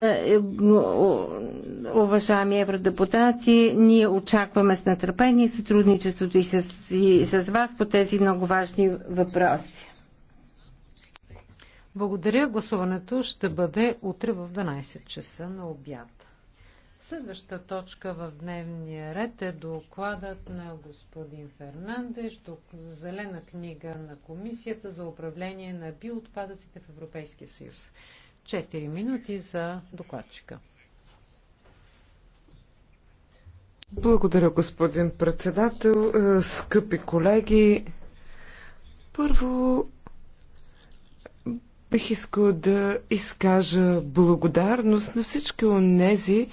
Е, е, уважаеми евродепутати, ние очакваме с нетърпение сътрудничеството и с, и с вас по тези много важни въпроси. Благодаря. Гласуването ще бъде утре в 12 часа на обяд. Следваща точка в дневния ред е докладът на господин Фернандеш, зелена книга на Комисията за управление на биоотпадъците в Европейския съюз. 4 минути за докладчика. Благодаря, господин председател. Е, скъпи колеги, първо бих искал да изкажа благодарност на всички онези,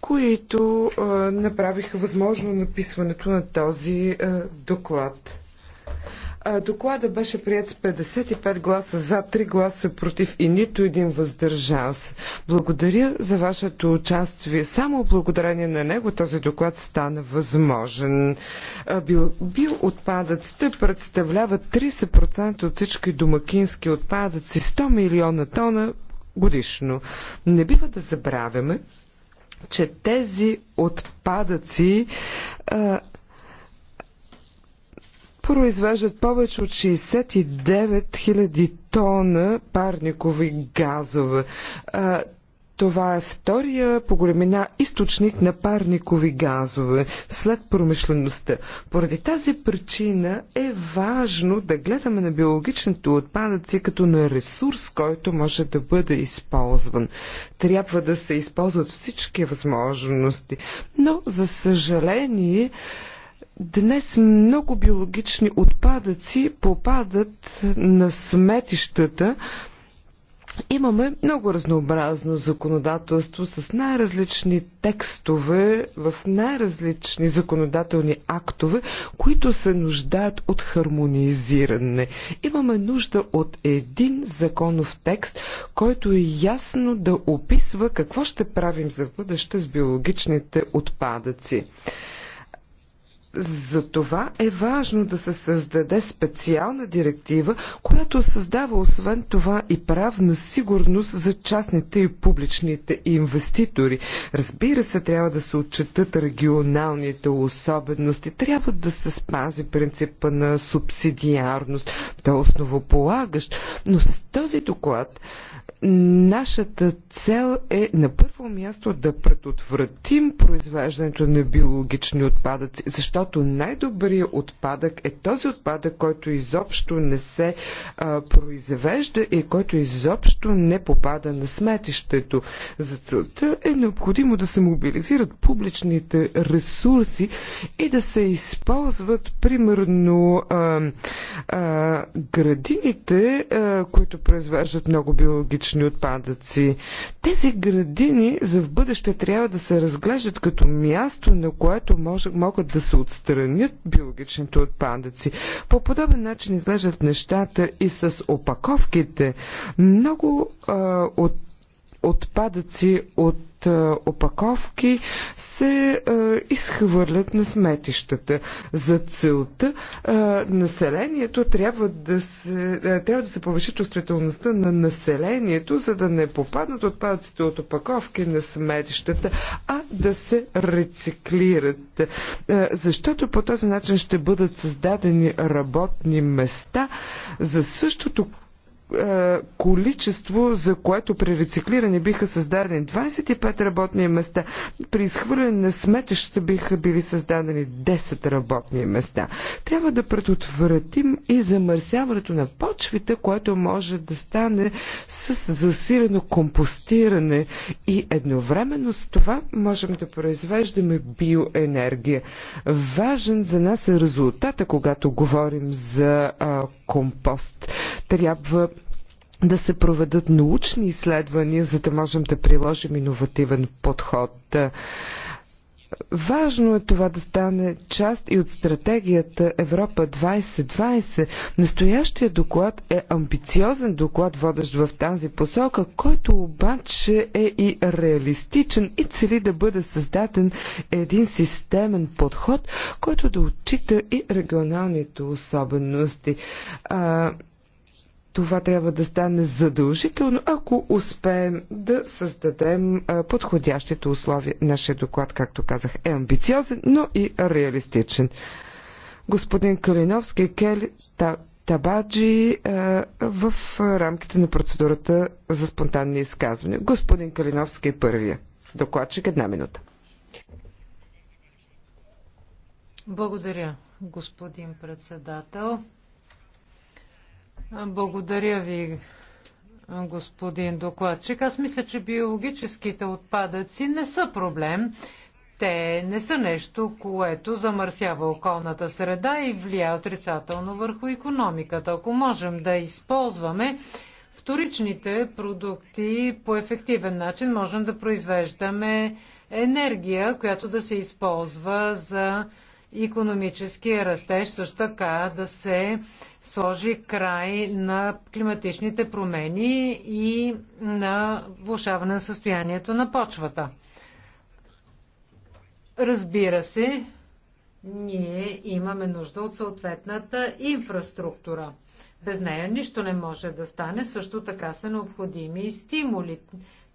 които е, направиха възможно написването на този е, доклад. Доклада беше прият с 55 гласа за, 3 гласа против и нито един въздържал се. Благодаря за вашето участие. Само благодарение на него този доклад стана възможен. Бил, бил отпадъците представляват 30% от всички домакински отпадъци, 100 милиона тона годишно. Не бива да забравяме, че тези отпадъци а, произвеждат повече от 69 000 тона парникови газове. Това е втория по големина източник на парникови газове след промишлеността. Поради тази причина е важно да гледаме на биологичните отпадъци като на ресурс, който може да бъде използван. Трябва да се използват всички възможности. Но, за съжаление, Днес много биологични отпадъци попадат на сметищата. Имаме много разнообразно законодателство с най-различни текстове в най-различни законодателни актове, които се нуждаят от хармонизиране. Имаме нужда от един законов текст, който е ясно да описва какво ще правим за бъдеще с биологичните отпадъци. За това е важно да се създаде специална директива, която създава освен това и правна сигурност за частните и публичните инвеститори. Разбира се, трябва да се отчетат регионалните особености, трябва да се спази принципа на субсидиарност, да е основополагащ. Но с този доклад Нашата цел е на първо място да предотвратим произвеждането на биологични отпадъци, защото най-добрият отпадък е този отпадък, който изобщо не се а, произвежда и който изобщо не попада на сметището. За целта е необходимо да се мобилизират публичните ресурси и да се използват примерно а, а, градините, а, които произвеждат много биологични органични отпадъци. Тези градини за в бъдеще трябва да се разглеждат като място, на което може, могат да се отстранят биологичните отпадъци. По подобен начин изглеждат нещата и с опаковките. Много а, от отпадъци от е, опаковки се е, изхвърлят на сметищата. За целта е, населението трябва да се, трябва да се повиши чувствителността на населението, за да не попаднат отпадъците от опаковки на сметищата, а да се рециклират. Защото по този начин ще бъдат създадени работни места за същото е, количество, за което при рециклиране биха създадени 25 работни места, при изхвърляне на сметища биха били създадени 10 работни места. Трябва да предотвратим и замърсяването на почвите, което може да стане с засилено компостиране и едновременно с това можем да произвеждаме биоенергия. Важен за нас е резултата, когато говорим за а, компост. Трябва да се проведат научни изследвания, за да можем да приложим иновативен подход. Важно е това да стане част и от стратегията Европа 2020. Настоящия доклад е амбициозен доклад, водещ в тази посока, който обаче е и реалистичен и цели да бъде създаден един системен подход, който да отчита и регионалните особености. Това трябва да стане задължително, ако успеем да създадем подходящите условия. Нашия доклад, както казах, е амбициозен, но и реалистичен. Господин Калиновски, Кели Табаджи в рамките на процедурата за спонтанни изказвания. Господин Калиновски е първия. Докладчик една минута. Благодаря, господин председател. Благодаря ви, господин докладчик. Аз мисля, че биологическите отпадъци не са проблем. Те не са нещо, което замърсява околната среда и влияе отрицателно върху економиката. Ако можем да използваме вторичните продукти по ефективен начин, можем да произвеждаме енергия, която да се използва за економическия растеж, също така да се сложи край на климатичните промени и на влушаване на състоянието на почвата. Разбира се, ние имаме нужда от съответната инфраструктура. Без нея нищо не може да стане. Също така са необходими и стимули,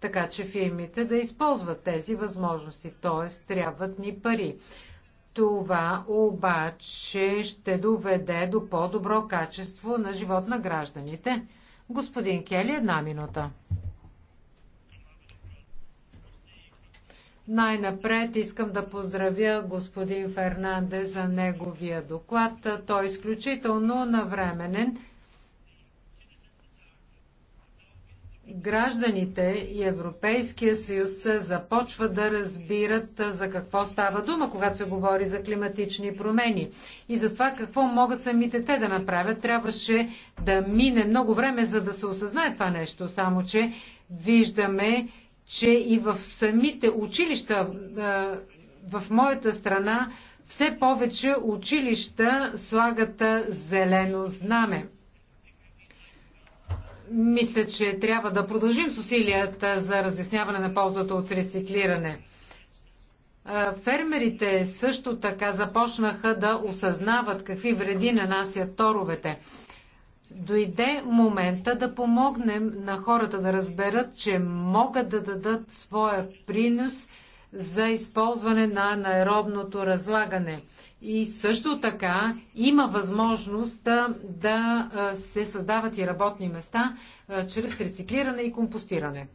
така че фирмите да използват тези възможности, т.е. трябват ни пари. Това обаче ще доведе до по-добро качество на живот на гражданите. Господин Кели, една минута. Най-напред искам да поздравя господин Фернандес за неговия доклад. Той е изключително навременен гражданите и Европейския съюз започват да разбират за какво става дума, когато се говори за климатични промени и за това какво могат самите те да направят. Трябваше да мине много време, за да се осъзнае това нещо, само че виждаме, че и в самите училища в моята страна все повече училища слагат зелено знаме. Мисля, че трябва да продължим с усилията за разясняване на ползата от рециклиране. Фермерите също така започнаха да осъзнават какви вреди нанасят торовете. Дойде момента да помогнем на хората да разберат, че могат да дадат своя принос – за използване на анаеробното разлагане. И също така има възможност да се създават и работни места чрез рециклиране и компостиране.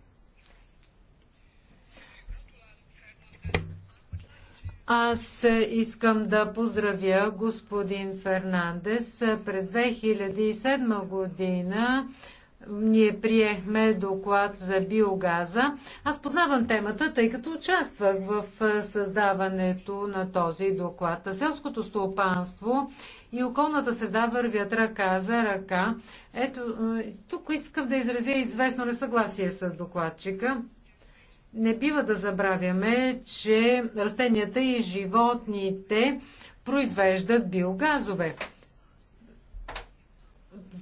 Аз искам да поздравя господин Фернандес. През 2007 година ние приехме доклад за биогаза. Аз познавам темата, тъй като участвах в е, създаването на този доклад. Селското стопанство и околната среда вървят ръка за ръка. Ето, е, тук искам да изразя известно несъгласие с докладчика. Не бива да забравяме, че растенията и животните произвеждат биогазове.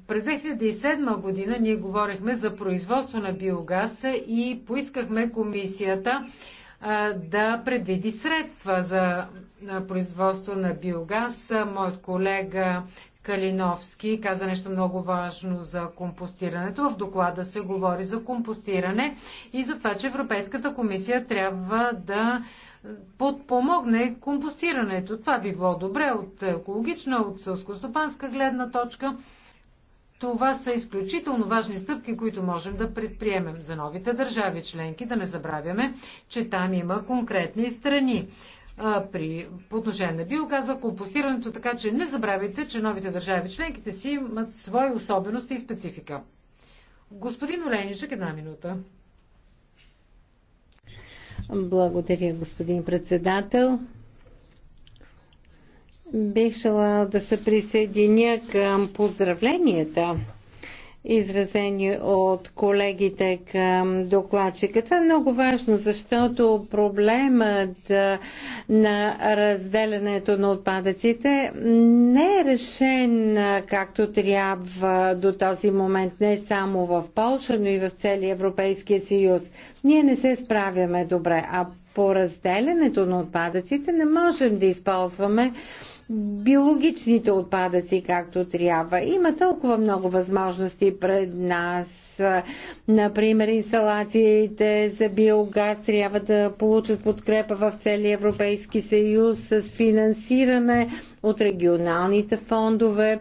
През 2007 година ние говорихме за производство на биогаз и поискахме комисията да предвиди средства за производство на биогаз. Моят колега Калиновски каза нещо много важно за компостирането. В доклада се говори за компостиране и за това, че Европейската комисия трябва да подпомогне компостирането. Това би било добре от екологична, от сълскостопанска гледна точка. Това са изключително важни стъпки, които можем да предприемем за новите държави членки. Да не забравяме, че там има конкретни страни при, по отношение на биогаза, компостирането, така че не забравяйте, че новите държави членките си имат свои особености и специфика. Господин Оленичък, една минута. Благодаря, господин председател. Бих желала да се присъединя към поздравленията, изразени от колегите към докладчика. Това е много важно, защото проблемът на разделянето на отпадъците не е решен както трябва до този момент, не само в Польша, но и в целия Европейския съюз. Ние не се справяме добре, а по разделянето на отпадъците не можем да използваме биологичните отпадъци както трябва. Има толкова много възможности пред нас. Например, инсталациите за биогаз трябва да получат подкрепа в целия Европейски съюз с финансиране от регионалните фондове,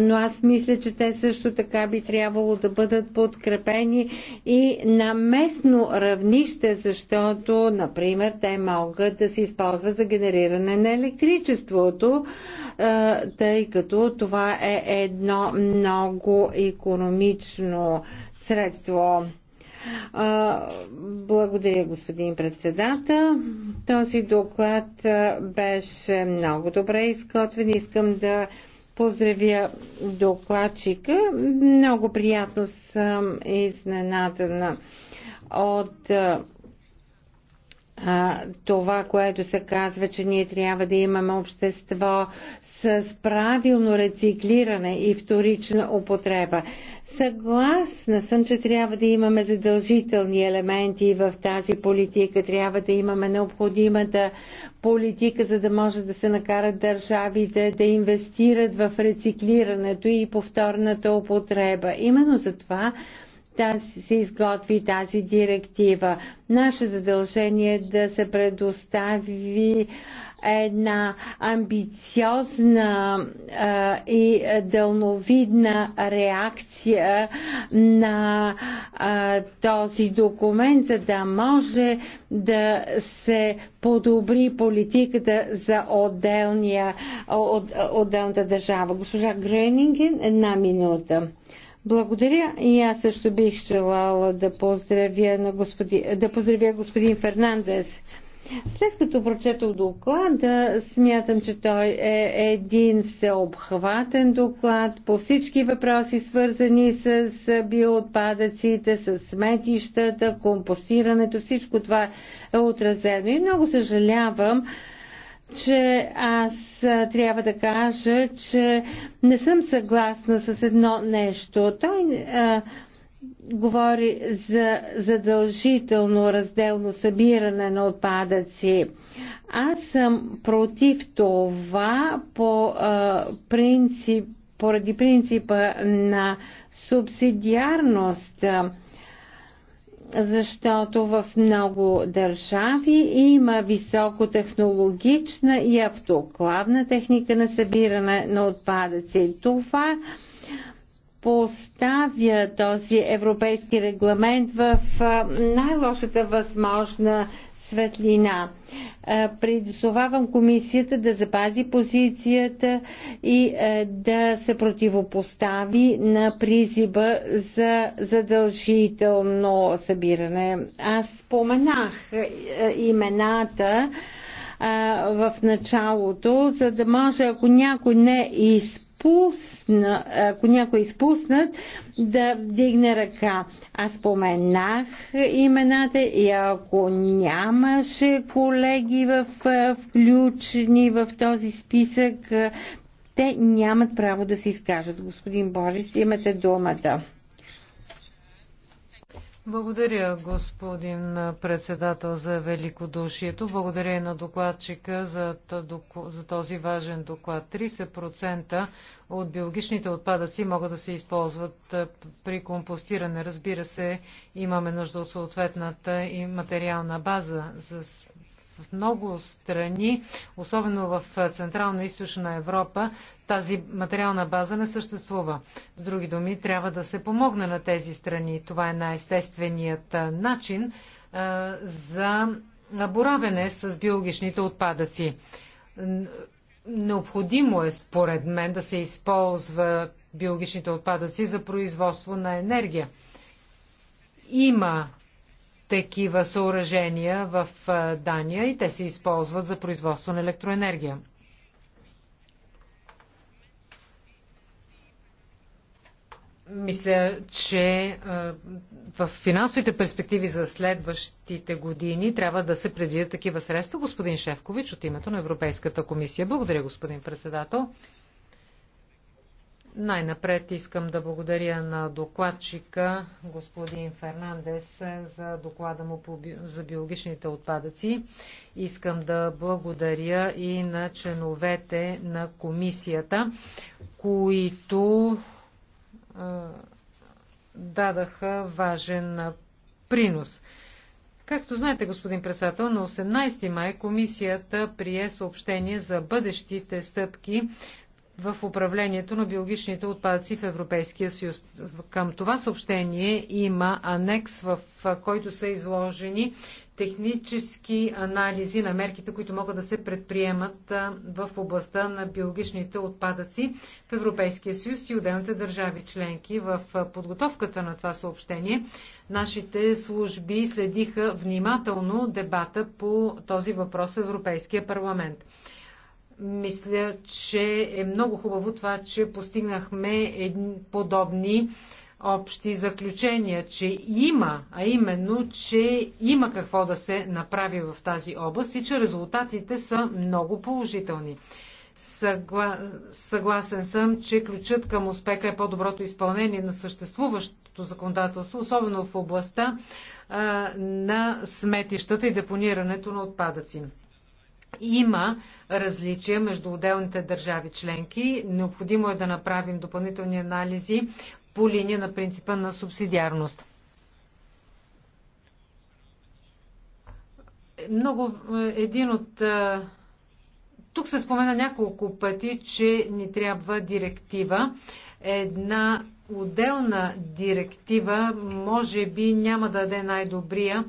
но аз мисля, че те също така би трябвало да бъдат подкрепени и на местно равнище, защото, например, те могат да се използват за генериране на електричеството, тъй като това е едно много економично средство. Благодаря, господин председател. Този доклад беше много добре изготвен. Искам да поздравя докладчика. Много приятно съм изненадана от а, това, което се казва, че ние трябва да имаме общество с правилно рециклиране и вторична употреба. Съгласна съм, че трябва да имаме задължителни елементи в тази политика. Трябва да имаме необходимата политика, за да може да се накарат държавите да инвестират в рециклирането и повторната употреба. Именно за това тази, се изготви тази директива. Наше задължение е да се предостави една амбициозна а, и дълновидна реакция на а, този документ, за да може да се подобри политиката за отделния, от, отделната държава. Госпожа Гренинген, една минута. Благодаря и аз също бих желала да поздравя, на господи, да поздравя господин Фернандес. След като прочетох доклада, смятам, че той е един всеобхватен доклад по всички въпроси, свързани с биоотпадъците, с сметищата, компостирането, всичко това е отразено. И много съжалявам, че аз трябва да кажа, че не съм съгласна с едно нещо. Той а, говори за задължително разделно събиране на отпадъци. Аз съм против това по а, принцип, поради принципа на субсидиарност. А, защото в много държави има високотехнологична и автоклавна техника на събиране на отпадъци. Това поставя този европейски регламент в най-лошата възможна светлина. Призовавам комисията да запази позицията и да се противопостави на призиба за задължително събиране. Аз споменах имената в началото, за да може, ако някой не изпълнява, изпусна, ако някой е изпуснат, да вдигне ръка. Аз споменах имената и ако нямаше колеги в, включени в този списък, те нямат право да се изкажат. Господин Борис, имате думата. Благодаря, господин председател, за великодушието. Благодаря и на докладчика за, този важен доклад. 30% от биологичните отпадъци могат да се използват при компостиране. Разбира се, имаме нужда от съответната и материална база. За в много страни, особено в Централна и Източна Европа, тази материална база не съществува. С други думи, трябва да се помогне на тези страни. Това е най-естественият начин а, за боравене с биологичните отпадъци. Необходимо е, според мен, да се използват биологичните отпадъци за производство на енергия. Има такива съоръжения в Дания и те се използват за производство на електроенергия. Мисля, че в финансовите перспективи за следващите години трябва да се предвидят такива средства. Господин Шефкович от името на Европейската комисия. Благодаря, господин председател. Най-напред искам да благодаря на докладчика господин Фернандес за доклада му за биологичните отпадъци. Искам да благодаря и на членовете на комисията, които дадаха важен принос. Както знаете, господин председател, на 18 май комисията прие съобщение за бъдещите стъпки в управлението на биологичните отпадъци в Европейския съюз. Към това съобщение има анекс, в който са изложени технически анализи на мерките, които могат да се предприемат в областта на биологичните отпадъци в Европейския съюз и отделните държави членки. В подготовката на това съобщение нашите служби следиха внимателно дебата по този въпрос в Европейския парламент. Мисля, че е много хубаво това, че постигнахме подобни общи заключения, че има, а именно, че има какво да се направи в тази област и че резултатите са много положителни. Съгла... Съгласен съм, че ключът към успеха е по-доброто изпълнение на съществуващото законодателство, особено в областта а, на сметищата и депонирането на отпадъци има различия между отделните държави членки. Необходимо е да направим допълнителни анализи по линия на принципа на субсидиарност. Много един от. Е, тук се спомена няколко пъти, че ни трябва директива, една отделна директива може би няма да даде най-добрия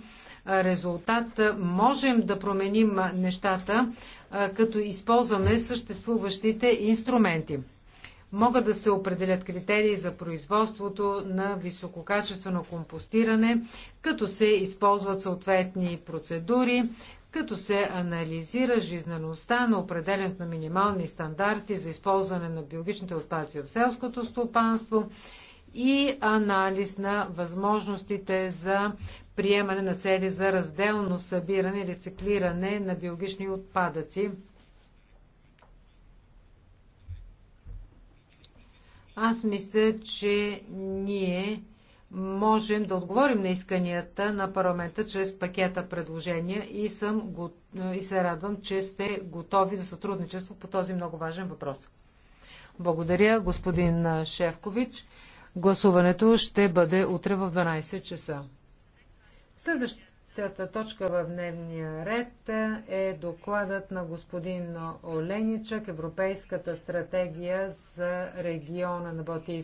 резултат. Можем да променим нещата, като използваме съществуващите инструменти. Могат да се определят критерии за производството на висококачествено компостиране, като се използват съответни процедури, като се анализира жизнеността на определенето на минимални стандарти за използване на биологичните отпадъци в селското стопанство и анализ на възможностите за приемане на цели за разделно събиране и рециклиране на биологични отпадъци. Аз мисля, че ние можем да отговорим на исканията на парламента чрез пакета предложения и, съм го... и се радвам, че сте готови за сътрудничество по този много важен въпрос. Благодаря, господин Шевкович. Гласуването ще бъде утре в 12 часа. Следващата точка в дневния ред е докладът на господин Оленичък, Европейската стратегия за региона на Балтийския.